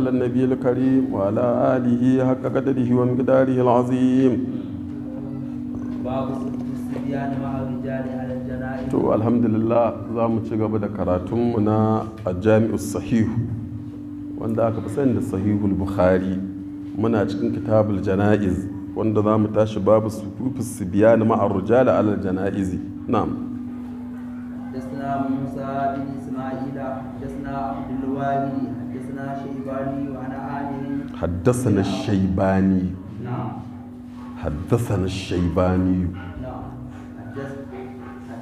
على النبي الكريم وعلى آله حق قدره ومقداره العظيم to alhamdulillah za mu ci gaba da karatunmu na jami'u sahihu wanda aka fi sani da sahihul bukhari muna cikin kitabul jana'iz wanda za mu tashi babu sufufi su biya na ma'ar rujala alal jana'izi na'am حدثنا موسى بن اسماعيل حدثنا عبد الوالي حدثنا شيباني وعن عامر حدثنا الشيباني نعم حدثنا الشيباني نعم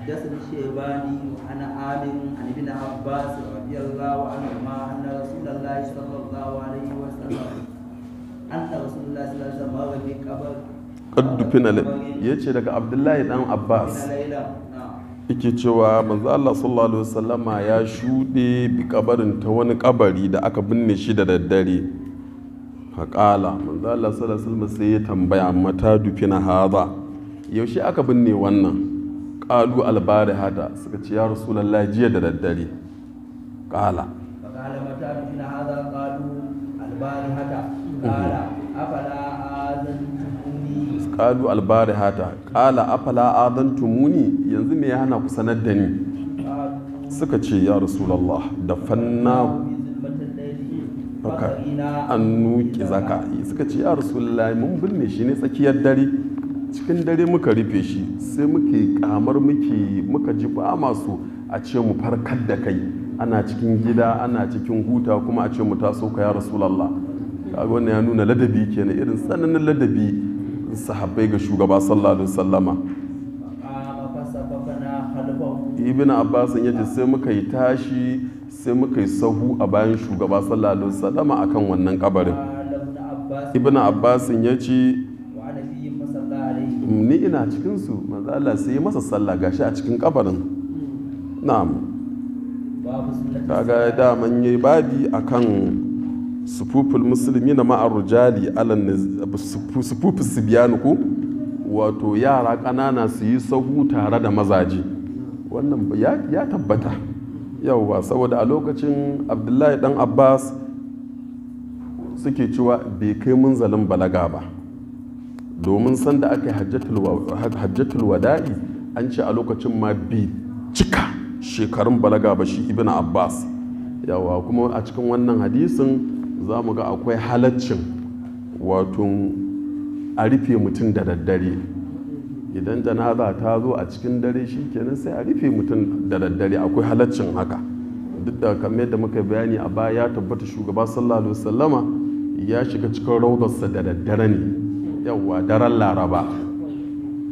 حدثنا الشيباني عن عامر عن ابن عباس رضي الله عنهما ان رسول الله صلى الله عليه وسلم ان رسول الله صلى الله عليه وسلم قبر قد دفن ya ce daga abdullahi dan abbas yake cewa manzo Allah sallallahu alaihi wasallama ya shuɗe bi kabarin ta wani kabari da aka binne shi da daddare haƙala manzo Allah sallallahu alaihi wasallama sai ya tambaya mata dufina haza yaushe aka binne wannan qalu albari hata suka ce ya rasulullahi jiya da daddare qala ƙala mata dufina haza qalu albari hata mhm. ƙala qalu albarihata qala afala adantumuni yanzu me ya hana ku sanar da ni suka ce ya rasulullah da fanna baka an nuki zaka suka ce ya rasulullah mun binne shi ne tsakiyar dare cikin dare muka rufe shi sai muke kamar muke muka ji ba masu a ce mu farkar da kai ana cikin gida ana cikin huta kuma a ce mu taso ka ya rasulallah kaga wannan ya nuna ladabi kenan irin tsananin ladabi sahabbai ga shugaba sallallahu alaihi wasallama ibn abbas ya ce sai muka yi tashi sai muka yi sahu a bayan shugaba sallallahu alaihi wasallama akan wannan kabarin ibn abbas ya ce ni ina cikin su manzo Allah sai masa sallah gashi a cikin kabarin na'am kaga man yi babi akan sufufin musulmi na ma'ar rujali sufuful sibiyanu ku wato yara ƙanana su yi sahu tare da mazaje wannan ya tabbata Yawwa saboda a lokacin abdullahi dan abbas suke cewa bai kai mun zalin balaga ba domin sanda aka yi hajjatul wada'i an ce a lokacin ma bi cika shekarun balaga ba shi ibn abbas yawa kuma a cikin wannan hadisin za mu ga akwai halaccin wato a rufe mutum da daddare idan janaza ta zo a cikin dare shi kenan sai a rufe mutum da daddare akwai halaccin haka duk da kamar yadda muka bayani a baya ya tabbata shugaba sallallahu alaihi wasallama ya shiga cikin raudarsa da daddare ne yawwa daren laraba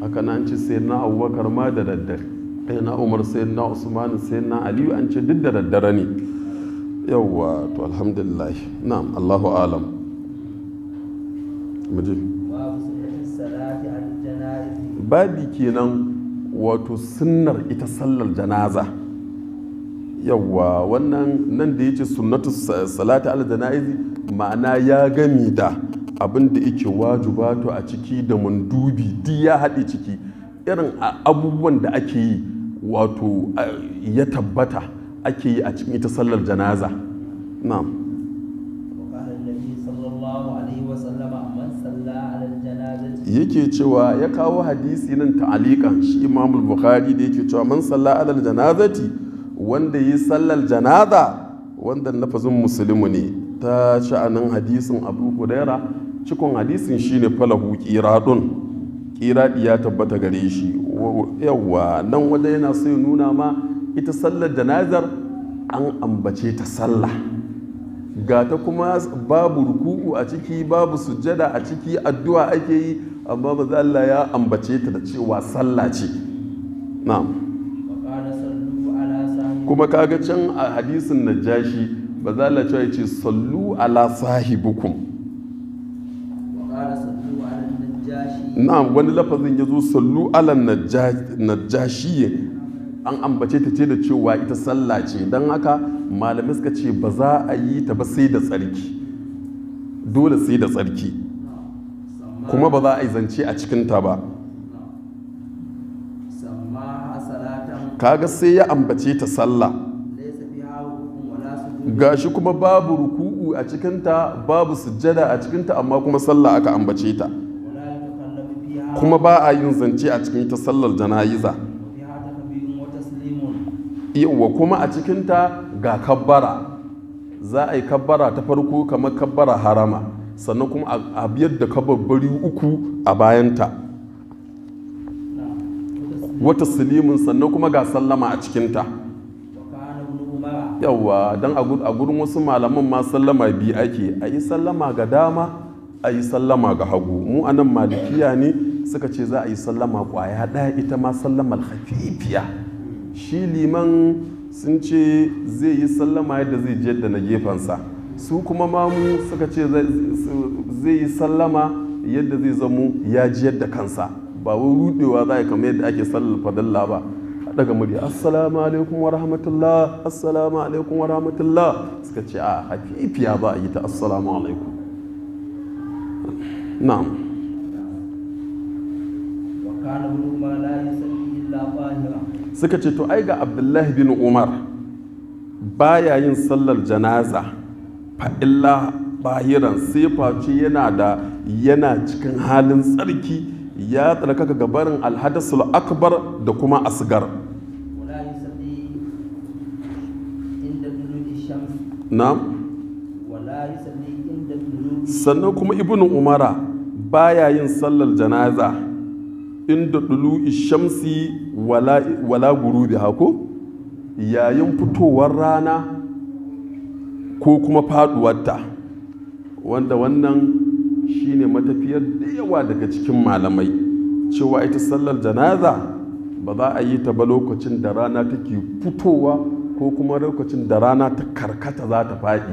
haka nan ci sai na abubakar ma da daddare sai na umar sai na usman sai na aliyu an ce duk da daddare ne yawwa to alhamdulillah na'am allahu alam babi kenan wato sunnar ita sallar janaza yawwa wannan nan da ya ce sunnatu salati al janaizi ma'ana ya gami da abin da yake wajibatu a ciki da mundubi duk ya haɗe ciki irin abubuwan da ake yi wato ya tabbata ake yi a cikin ita sallar janaza na'am yake cewa ya kawo hadisi nan ta'alikan shi Imamul bukhari da yake cewa man salla alal janazati wanda yi sallar janaza wanda nafazin musulmi ne ta sha'anin hadisin abu hudaira cikon hadisin shine falahu qiradun qiradi ya tabbata gare shi yawwa nan wanda yana sai nuna ma ita sallar janazar an ambace ta sallah ga ta kuma babu ruku'u a ciki babu sujjada a ciki addu'a ake yi amma maza Allah ya ambace ta da cewa sallah ce na'am kuma kaga can a hadisin najashi ba za Allah cewa ce sallu ala sahibukum na'am wani lafazin ya zo sallu ala najashi an ambace ta ce da cewa ita sallah ce don haka malamai suka ce ba za a yi ta ba sai da tsarki dole sai da tsarki kuma ba za a yi zance a cikinta ba kaga sai ya ambace ta sallah gashi kuma babu ruku'u a cikinta babu sujjada a cikinta amma kuma sallah aka ambace ta kuma ba a yin zance a cikin ta sallar jana'iza yauwa kuma a cikinta ga kabbara za a yi kabbara ta farko kamar kabbara harama sannan kuma a biyar da kababbari uku a bayanta wata silimin sannan kuma ga sallama a cikinta yauwa don a gurin wasu malaman ma sallama biyu ake a yi sallama ga dama a yi sallama ga hagu mu anan malikiya ne suka ce za a yi sallama kwaya ɗaya ita ma sallamar hafifiya shi liman sun ce zai yi sallama yadda zai je da na gefensa su kuma mamu suka ce zai yi sallama yadda zai zamo ya jiyar da kansa ba wai rudewa za a yi kamar yadda ake sallar fadalla ba a daga murya assalamu alaikum wa rahmatullah assalamu alaikum wa rahmatullah suka ce a ah, hafifiya ba a yi ta assalamu alaikum na'am wa kana ma la yusalli illa fahira suka ce to ai ga abdullahi bin umar baya yin sallar janaza fa'illa bahiran sai face yana da yana cikin halin tsarki ya tsarkaka gabarin alhadasul akbar da kuma asgar na sannan kuma ibn umara baya yin sallar janaza inda dulu ishamsi wala, guru gurubi hako yayin fitowar rana ko kuma faduwarta wanda wannan shine matafiyar da yawa daga cikin malamai cewa ita sallar janaza ba za a yi ta ba lokacin da rana take fitowa ko kuma lokacin da rana ta karkata za ta faɗi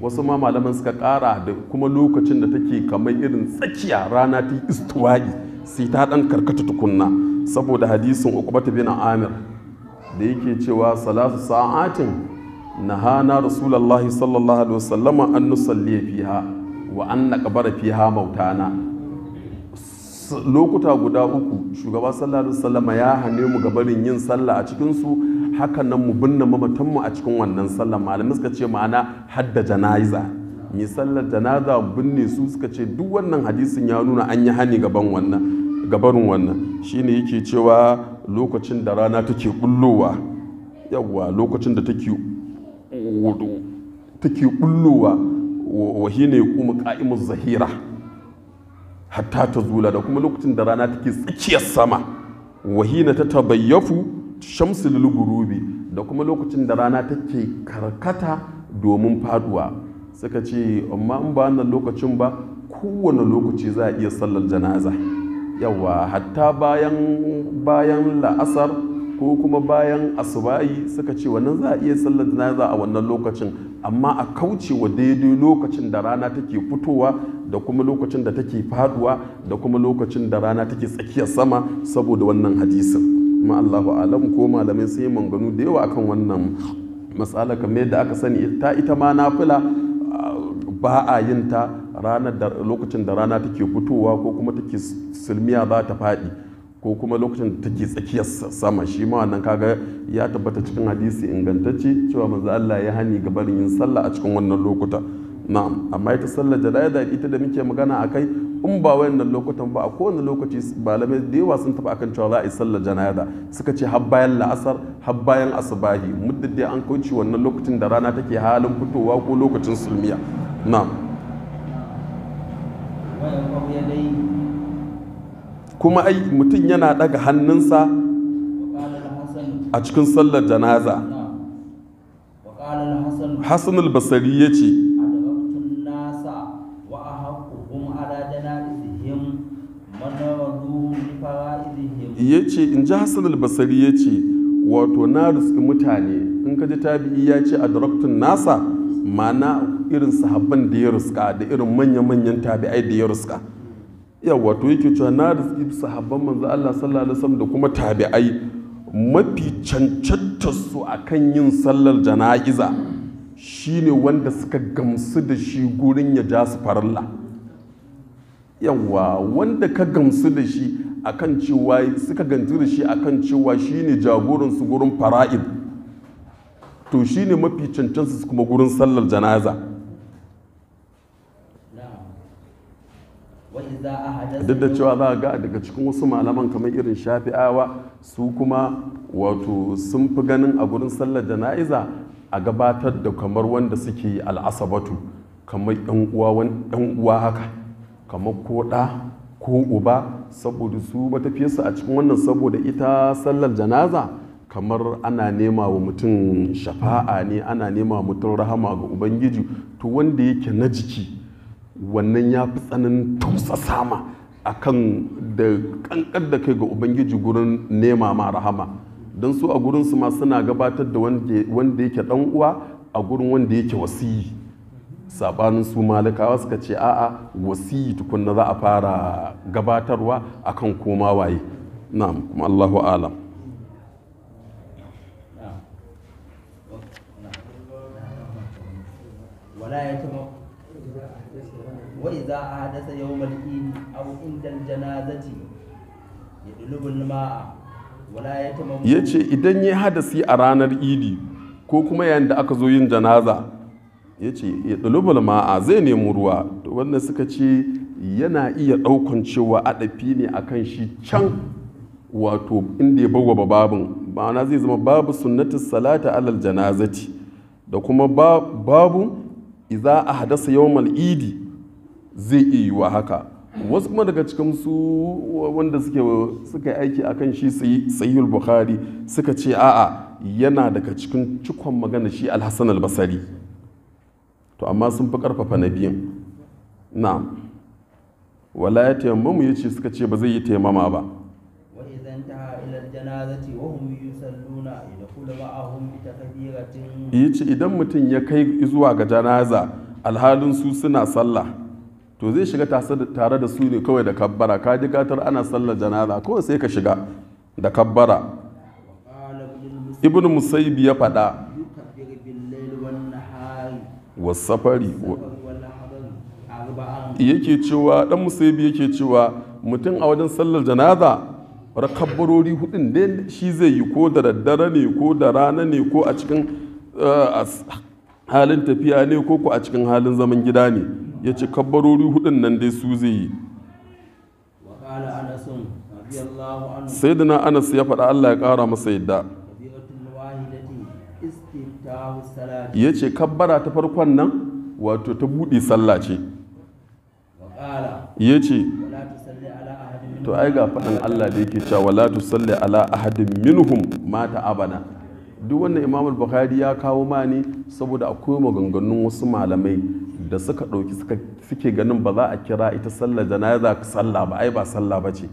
wasu ma malaman suka ƙara da kuma lokacin da take kamar irin tsakiya rana ta yi istuwa'i sai ta dan karkata tukunna saboda hadisin ukubata bin amir da yake cewa salatu sa'atin nahana rasulullahi sallallahu alaihi wasallam an nusalli fiha wa an naqbara fiha mautana lokuta guda uku shugaba sallallahu alaihi wasallam ya hane mu gabarin yin sallah a cikin su hakan nan mu binne mamatan mu a cikin wannan sallah malamai suka ce ma'ana hadda janaiza misallar sallar janaza binne su suka ce duk wannan hadisin ya nuna an yi hani gaban wannan gabarin wannan shine yake cewa lokacin da rana take bullowa yawwa lokacin da take take bullowa wahi ne kuma ka'imu zahira hatta ta zula da kuma lokacin da rana take tsakiyar sama wahi na ta tabayyafu shamsu da kuma lokacin da rana take karkata domin faduwa suka ce amma in ba wannan lokacin ba kowane lokaci za a iya sallar janaza yawa hatta bayan bayan la'asar ko kuma bayan asubayi suka ce wannan za a iya sallar janaza a wannan lokacin amma a kauce wa daidai lokacin da rana take fitowa da kuma lokacin da take faduwa da kuma lokacin da rana take tsakiyar sama saboda wannan hadisin ma Allahu alam ko malamai sun yi manganu da yawa akan wannan matsala kamar yadda aka sani ta ita ma nafila ba a yin ta lokacin da rana take fitowa ko kuma take silmiya za ta faɗi ko kuma lokacin da take tsakiyar sama shi ma wannan kaga ya tabbata cikin hadisi ingantacce cewa manzo Allah ya hani ga barin yin sallah a cikin wannan lokuta na'am amma ita sallar jana'iza ita da muke magana akai in ba wayannan lokutan ba a kowane lokaci malamai da yawa sun taba akan cewa za a yi sallar jana'iza suka ce har bayan la'asar har bayan asubahi muddin dai an kauce wannan lokacin da rana take halin fitowa ko lokacin sulmiya na'am kuma ai mutum yana daga hannunsa a cikin sallar janaza hassan al-basari ya ce ya ce in ji hassan al-basari ya ce wato na riski mutane in ka ji tabi'i ya ce a nasa mana irin sahabban da ya ruska da irin manya-manyan tabi'ai da ya ruska yawa to yake cewa na riski sahabban manzo Allah sallallahu alaihi wasallam da kuma tabi'ai mafi cancantar su akan yin sallar jana'iza shine wanda suka gamsu da shi gurin ya ja su farilla yawa wanda ka gamsu da shi akan cewa suka gantu da shi akan cewa shine jagoransu gurin fara'id to shine mafi su kuma gurin sallar jana'iza duk da cewa za ga daga cikin wasu malaman kamar irin shafi'awa su kuma wato sun fi ganin a gurin sallar jana'iza a gabatar da kamar wanda suke al'asabatu kamar yan uwa haka kamar ko ɗa ko uba saboda su ba su a cikin wannan saboda ita sallar janaza kamar ana nema wa mutum shafa'a ne ana nema mutum rahama ga ubangiji to wanda yake na jiki wannan ya fi tsanin tusa sama a kan da kankan da kai ga ubangiji gurin nema ma rahama don su a gurinsu ma suna gabatar da wanda yake dan uwa a gurin wanda yake wasiyi sabanin su malikawa suka ce a'a wasiyi tukunna za a fara gabatarwa akan koma waye na'am kuma Allahu alam وإذا idan يوم الإيد أو عند الجنازة يطلب الماء ولا يجي إذن يحدث الإيد ko kuma yayin da aka zo yin janaza ya ya ma'a zai nemi ruwa to wannan suka ce yana iya ɗaukan cewa dafi ne akan shi can wato inda ya bawa babu, ma'ana zai zama babu sunnati salata alal janazati da kuma babu iza a hadasa yawmal idi zai iya wa haka wasu kuma daga cikin su wanda suke suka aiki akan shi sahihul bukhari suka ce a'a yana daga cikin cikon magana shi alhassan albasari to amma sun fi karfafa na biyun na'am wala ya taimamu ya ce suka ce ba zai yi taimama ba ya ce idan mutum ya kai zuwa ga janaza alhalin su suna sallah to zai shiga tare da su ne kawai da kabbara ka ji gatar ana sallar janaza kawai sai ka shiga da kabbara ibn musaibi ya fada wasafari yake cewa dan musaibi yake cewa mutum a wajen sallar janaza rakabbarori hudun da shi zai yi ko da daddare ne ko da rana ne ko a cikin eh, halin tafiya ne ko ko a cikin halin zaman gida ne ya ce kabbarori hudun nan dai su zai yi sai da na anas ya faɗa allah ya ƙara masa yadda ya ce kabbara ta farkon nan wato ta buɗe sallah ce ya ce to ai ga faɗin allah da yake cewa wala tu salli ala ahadin minhum mata abana duk wannan imamul bukhari ya kawo ma ne saboda akwai maganganun wasu malamai da suka ɗauki suke ganin ba za a kira ita sallar jana'iza sallah ba ai ba sallah ba ce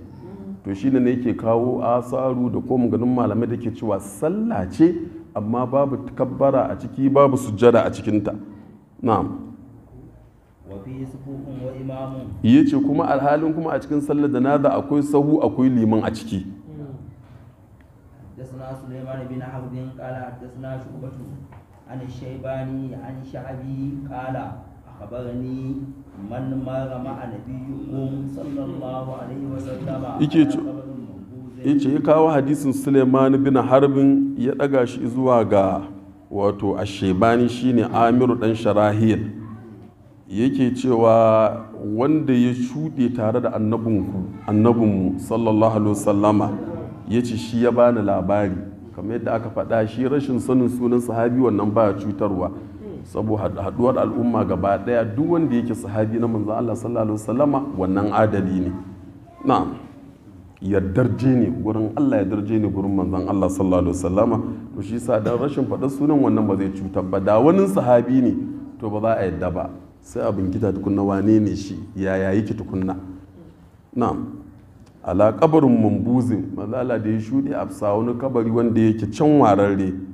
to shi ne yake kawo asaru da ko ganin malamai da ke cewa sallah ce amma babu takabbara a ciki babu sujjada a cikinta na'am ya ce kuma alhalin kuma a cikin sallar da akwai sahu akwai liman a ciki حدثنا سليمان بن عبد قال حدثنا شعبة عن الشيباني عن شعبي قال أخبرني من yace ya kawo hadisin suleiman bin harbin ya ɗaga shi zuwa ga wato ashebani shine amiru dan sharahil yake cewa wanda ya shuɗe tare da annabinmu sallallahu alaihi wasallama ya ce shi ya bani labari kamar yadda aka faɗa shi rashin sanin sunan sahabi wannan ba cutarwa saboda haduwar al'umma gaba daya duk wanda yake sahabi na manzo Allah sallallahu alaihi wasallama wannan adali ne na'am yardarje ne gurin Allah darje ne gurin manzon Allah sallallahu alaihi wasallama to shi sa dan rashin faɗa sunan wannan ba zai cutar ba da wani sahabi ne to ba za a yadda ba sai abin kita tukunna wane ne shi yaya yake tukunna na'am ala kabarin mambuzin mazala da ya shuɗe a wani kabari wanda yake can wararre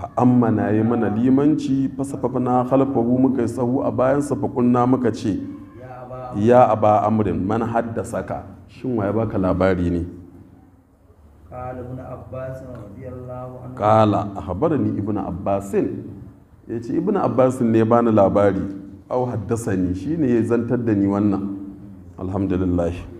fa'amma na yi mana limanci fasafafa na halfahu muka yi sahu a bayansa fakunna muka ce ya a ba amurin man haddasa ka shin waye baka labari ne kala a ibn abbasin ya ce ibn abbasin ne bani labari au haddasa ni ne ya zantar da ni wannan alhamdulillah